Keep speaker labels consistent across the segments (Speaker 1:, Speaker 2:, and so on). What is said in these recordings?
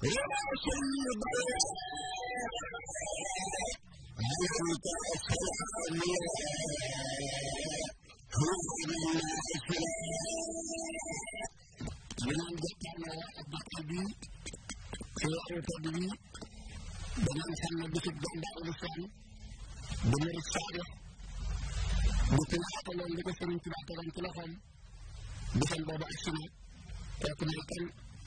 Speaker 1: لكن البيع هل تأثر أولياء
Speaker 2: خوف من
Speaker 1: من ذكرنا التقليد في التقليد بمن سلبت الدم بعد السعي بمر الصالح بتلاقى لو لبس انتلاقى انتلاقا بسبب السنة لكن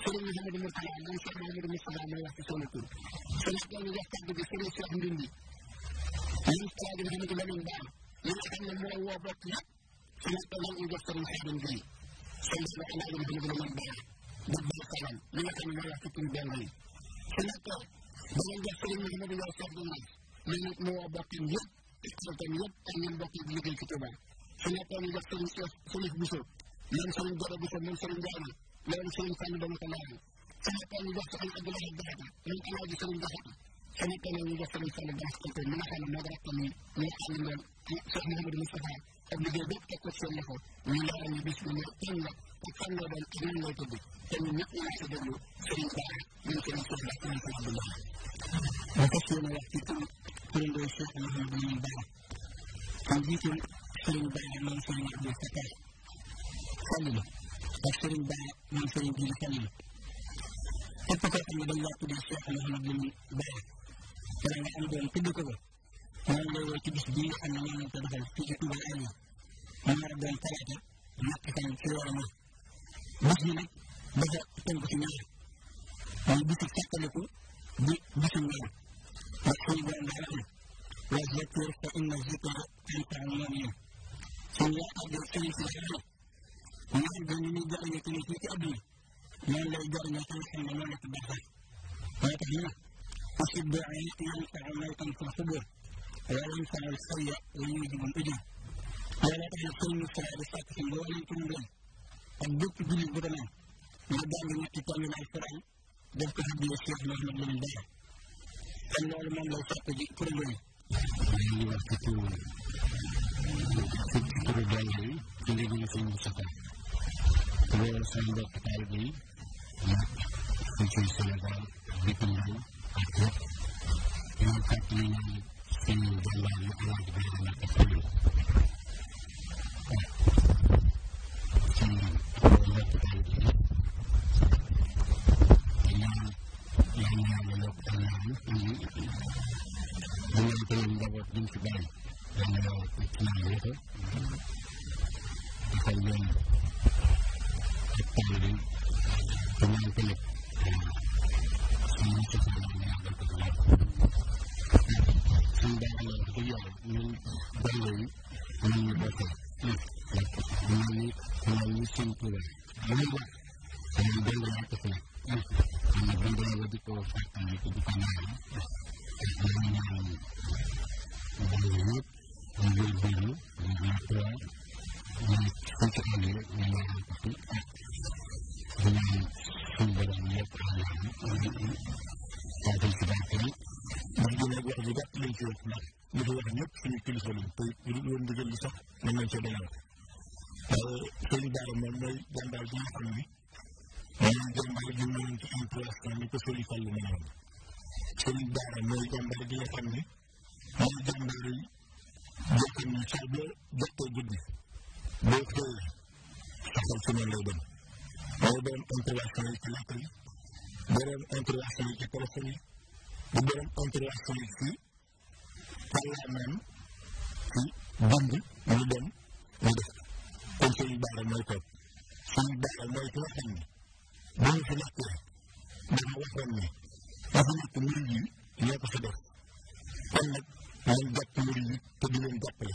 Speaker 1: Sëriñ Mouhamadou Mourtala moom Cheikh Mouhamadou Moustapha mooy wax ci sama tur. su ma doon wax kàddu bi Sëriñ Cheikh Ndindi. ñun Alaaji Mouhamadou Lamine Ba mi nga xam ne mooy woo bokk yëpp. su ma doon ñu jox Sëriñ Xaadim Gueye. sëriñ bi Alaaji Mouhamadou Lamine Ba di Baye Salam mi nga xam ne mooy wax ci tur benn yi. su ma toog dañuy jox Sëriñ Mouhamadou Ndiaye chef de village. mi nag mu woo bokkam yëpp. xaritam yëpp ak ñun bokk yi di liggéey ci Touba. su ma toog ñu jox Sëriñ Cheikh Sëriñ Bousso. moom Sëriñ Gora Bousso moom Sëriñ Ndiaye loolu sëriñ Fàllu dama ko leeral sama tool ñu jox ko sëriñ Abdoulaye Jaxate ñun alaaji sëriñ Jaxate sama tool ñu jox sëriñ Fàllu Jaxate Kaltoum mi nga xam ne moo ko rakkam yi mi nga xam ne ñoom Cheikh Mouhamadou Moustapha ak liggéey bépp teg ko ci seen loxo ñu leeral ñu bis bi ñu tënk nga ak fan lay doon ak nan lay tëdd te ñun ñëpp ñu ngi déglu sëriñ Bara ñun sëriñ Cheikh la sëriñ Cheikh Abdoulaye ma fas yéene wax ci tur turandoo Cheikh Mouhamadou Bara ñu jiital sëriñ Bara moom sëriñ Abdou Fatah Fallou ndax sëriñ Ba moom sëriñ bi xel na képp koo xam ne dañ laa Bara wala nga am doon tudd ko ko moom lay woo ci bis bii nga xam ne moom lañ a ni fii ci àdduna noonu lay jar nga koy xam ne moo nekk baax moo tax na asibdaai yanfau mawtan fil xubur wa yanfau alxaya wa yujibul ujur loolu tax na sëñ Moussa di sàkk si mbooleem ci mbéy ak bépp jullit bu doon nga jàng ñetti tomb alquran def ko xaddiyee Cheikh Mouhamed Lamine Bara kon loolu moom lay sàkk ji kuréel yi dañuy wax ci turu ci turu dongo yi ci ndigalu sëñ Moussa Royal Sangha Ketahui Suci Ketahui yang yang ini yang itu kemarin, dengan semua ini ini ini ini ini ini Akhirnya dinyalakan kopi dengan sumber minyak alam dari sebagai menjelajah juga menjelajah menjelajahnya filipin solum pilihan dengan bisa menjelajah kalau tidak memulai dan dia kami gambar dengan keimplasan itu sulitan lumayan solidar mulai gambar dia kami mulai gambar dia jatuh gede boo xëyee saxal semaine lay dem mooy borom intervention yi ci lekk yi borom intervention yi ci téléphone yi bu borom intervention yi ci wàllu même ci dund ñu dem ñu def kon suñu baara mooy toog suñu baara mooy ki nga xam ne bu ñu fi nekkee dafa waxoon ne dafa nekk mbir yi ñoo ko fi def kon nag nañ jàpp mbir yi te di leen jàppale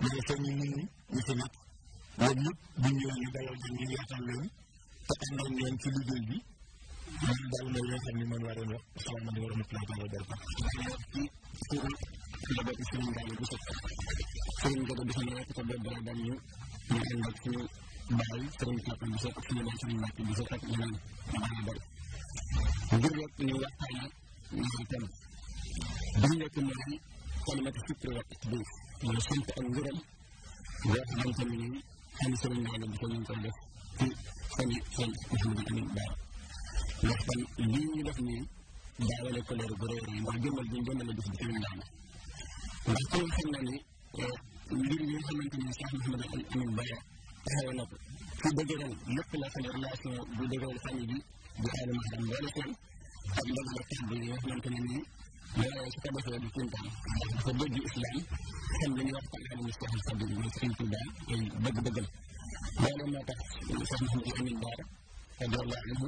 Speaker 1: mais fa ñu nit ñi fi nekk ñoom ñëpp bu ñëwee ñu dalal leen ñu yaatal leen te àndoon leen ci liggéey bi man daal mooy yoo xam ne man waa doon wax xalaat man war a mutlaa daal dal ko ci suuru la bokk suñu daal bu sëkk suñu gëdd bi suñu nekk ko boobu dara dal ñu ñu ànd ak suñu baay ñu dal ñu mooy sant ak ngërëm boo xamante nii xam sëriñ Maodo bi ko ñu ngi ndax kon daawale couleur bu réer yi ndax jëmmal bi jëmmale bis bi sëriñ Maodo ndax ku nga ni eh, mbir yi nga xamante ni Cheikh Mouhamadou Amine Ba taxawe na ko fu dëgëral lépp la fa relation bu dëgëral famille bi bu aadama xam boole seen ak dëgëral kàddu yi nga xamante ne nii لأن يشتبه في الدين ده خدود الإسلام خلني يقطع على مستوى الخدود المسلمين كلها بق بقل ولما تفهمهم الأمين دار رضي الله عنه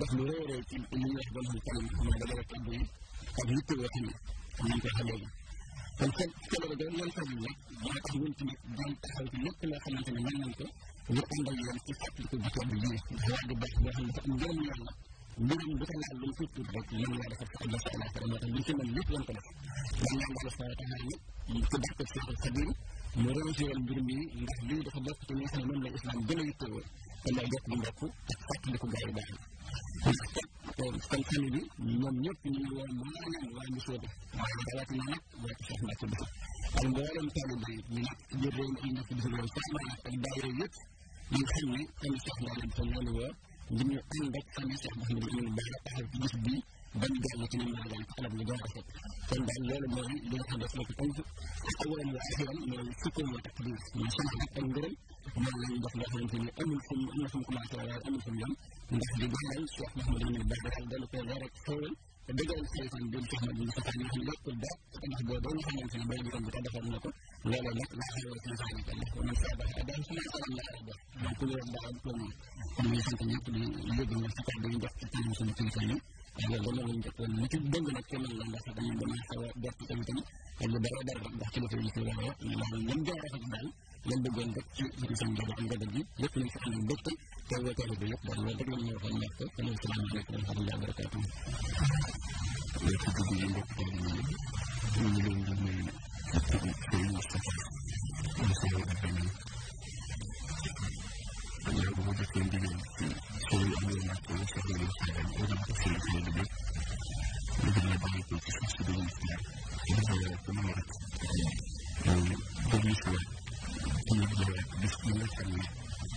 Speaker 1: دخلوا اللي يحضنه الكلام ما بدأت أبوي قد يتوى وحنا من كهلاجي فالكل كل رجل ينتظر لك ما تحاول تنام تحاول تنام كل ما تنام ينام يقوم بالانتفاق لكل بكرة بالجيش هذا بس ده هم تقوم بالله mbirum bu ko laal lu mu tuut rek mën naa defar ko àdduna si àllaaxira moo tax li ci mën lépp lañ ko def man ñaan yàlla subhaanahu wa taala ni ku dàq Seexul Xadiim mu réussiral mbir mi ndax lii dafa bokk ci li nga xam ne moom la islam gën a yittewoo te mooy jokk bu mbokk ak fàttaliku gars yu baax yi ndax kon famille bi ñoom ñëpp ñu ngi woon mboolem waa Missirah waaye rawatina nag waa Cheikh Mbacke Bousso ak mboolem taalibe yi ñu nekk ci biir réew mi ak ñi nekk ci biir réew mi ak daayira yëpp ñu xam ne comme Cheikh Mbacke Bousso ñoo ñu woo li ñu ànd ak famille Cheikh Mouhamadou Lamine Bara taxaw ci ببدا يتنمى على الطلب مباشر تنبع الجانب اللي حدث لك الانف اولا واخيرا من شكر وتقدير من سمح لك انظرا ما لم يدخل له انت امنكم امنكم كما اعتبر امنكم يوم ندخل بحرا الشيخ محمد بن البحر حدد لك غيرك فورا بدأ الخليفة بن محمد بن سفيان يقول لك الباب تنبه بودون حنا يمكن بين يوم بتدخل لكم لا لا لا لا حول ولا قوة الا بالله ومن شابه اداه فلا يسلم لا ارضه من كل يوم بعد كل يوم من يحب ان يكون يجب ان يستطيع بين ضغط التنميه waaye loolu loolu njëkk la lu ci dëng nag ci man la ndax dañu damay xaw a def ci tamit tamit ci la fi bëggoon rek ci ci seen njaboot ak njaboot bi yëpp lañ fi am mbégte te wooteelu bi yëpp daal loolu rek la ñu waxoon nekk ko kon salaamaaleykum wa rahmatulah barakaatu léegi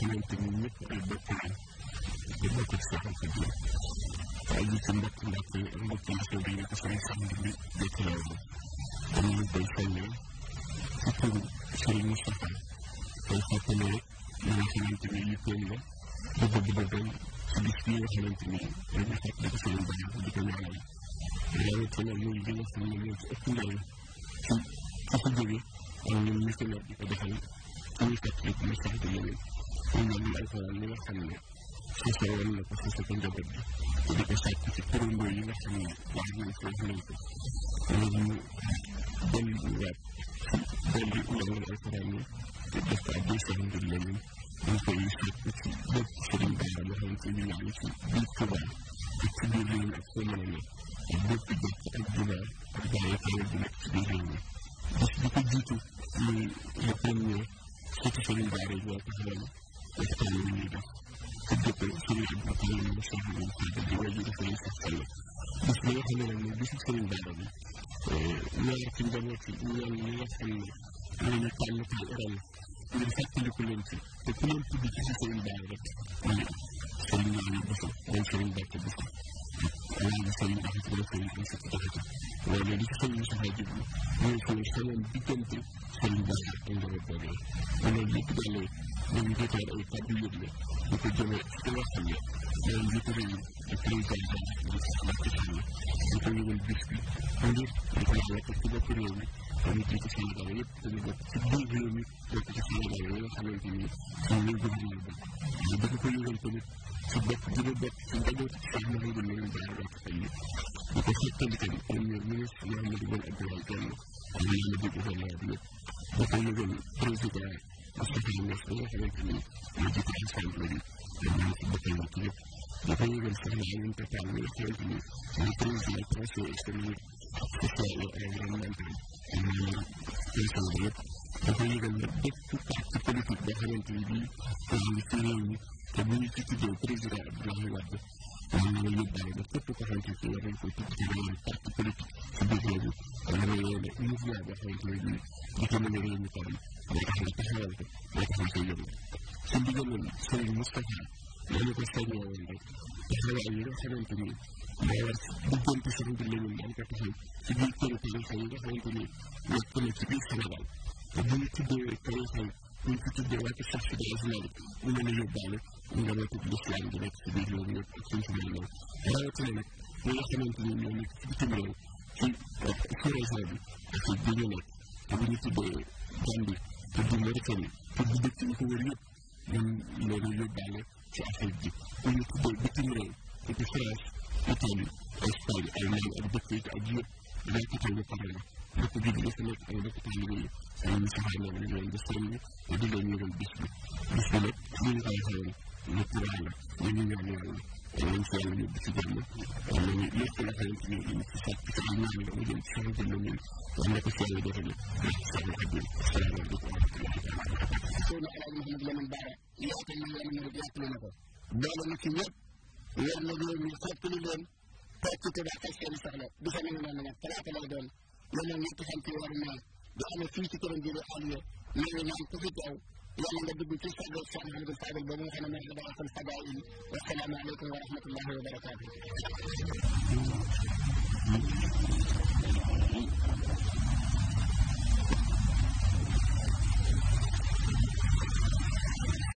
Speaker 1: xamante ni ñëpp ay bopp ko jëm ay yi mbokk mbokk mbokk soo dee nekk seen xam di bi jot la woon dañu ñu koy soññee ci tur Serigne Moustapha day fàttali rek li nga xamante ko Serigne Badiane ko ñaanal rawatina muy li nga xam ne moo ci di ko moom alxuraan li nga xam ne sose na ko sose ko njaboot bi te di ko sàkk ci turandoo yi nga wax nañ wax nañ ko léegi ñu ko ak ngir leneen dañ koy sàkk ci bépp sëriñ daara ci biir Tuubaa ci biir réew mi ak foo mën a nekk ak bépp ak jumaa ak jaayekaay bu nekk ci biir réew mi bis bi ko jiitu muy le premier surtout sëriñ daara waxtaan wi ñuy def te dëppal suñu abdoulaye moom la soxla moom Fadel di wàññi dafa lay sax sell bis bi nga xam ne nag mooy bisu sëriñ Daara bi ñaar ci njaboot yi ñoom ñi nga xam ne ñoo ñu tànn tey ren ngir fàttaliku leen ci te ku leen tudd ci si sëriñ Daara rek mooy sëriñ ñaari Bousso mooy sëriñ Bàkke Bousso laa ba sëriñ am wala sëriñ am a jaxate loolu li ci sëriñ saxa jublu mooy sëriñ xamoon diggante sëriñ Bara ak njaboot boobu te loolu lépp dalee dañu jotaat ay kàddu yëgle di ko jëme ci nga xam ne mooy njiitu réew mi ak président di ko yëgal bis bi ngir di ko yëgal parce que bopp réew mi dañu jiitu Sénégal yëpp dañu bokk ci biir réew mi bokk ci Sénégal yi nga xamante ni suñu lay bëgg ñu bokk ñu bëgg ko yëgal tamit si bopp gi ñu bokk si njaboot ci Cheikh Mouhamadou Lamine Bara Mbacke Fally di ko fàttali tamit premier ministre Mouhamadou Boun Abdallah Dionne am na ñu dégg gouvernement bi yëpp di ko yëgal président Moustapha Niasse bi nga xamante ni moo jiitu Assemblée bi dañu si bokkal ci yëpp depende del régimes totalement régi maîtrise de la pression économique sociale et environnementale pression dafa yëgal ne bépp parti politique boo xamante ni bii dañuy fi ci tuddee président Abdoulaye Wade mën na ko tudd ci réew mi parti politique ci biir ne mouvement dafa mën a nga taxawal ko moo tax nga koy yëngu suñ dañu ko soññoo woon rek taxawaay yi nga xamante ni moo war diggante sëriñ bi la ñu am ko taxaw ci biir kër tarixa yi nga xamante ni nekk na ci biir Sénégal te bu ñu tuddee tarixa yi bu ñu ci tuddee wàcc sax si des na ñu mën a yóbbaale njabootu lislaam bi nekk ci biir loolu yëpp ak suñ si mel noonu rawatina nag ñi nga xamante ni ñoo nekk ci bitim réew ci sous-région bi ak bi ñu nekk te bu ñu tuddee Gambie te du Mauritanie te du dëkk yi ko wër yëpp ñun loolu yóbbaale ci affaire a pour ñu tuddee bitim réew te di France Italie Espagne Allemagne ak yi ak yëpp dañ ko a pare mbokku ji bi dafa nekk ay dëkk taalibe yi ay musaxaar ñoom ñu ngi leen di sëriñ bi di leen yëgal bis bi bis bi nag ñu ngi koy xewoon lu turaa la ñu ngi ñaan yàlla nañ si yàlla yóbbu ci jàmm nañu lépp la xewoon ci ñu ci sàkk ci ay ñaan la mu jëm ci soxante la ñun yal na ko si yàlla jotale ndax soxna ak ñun salaamaaleykum wa rahmatullahi taala wa barakatuh soo na alaaj Mouhamed Lamine Bara yaakaar na yàlla mën a jàppale na ko doole na ci ñëpp war na réew mi fàttali leen toog ci tubaab ak seen soxla du fa nangu noonu nag talaata lay doon yàlla na nekk xam ci war naa doo amee fii ci këram bii di àdduna loolu naan ku fi taw yàlla nga dugg ci sagal Cheikh Mouhamadou Fadel boobu nga xam ne mooy dafa xam fadaa yi wasalaamu aleykum wa rahmatullahi wa barakaatu.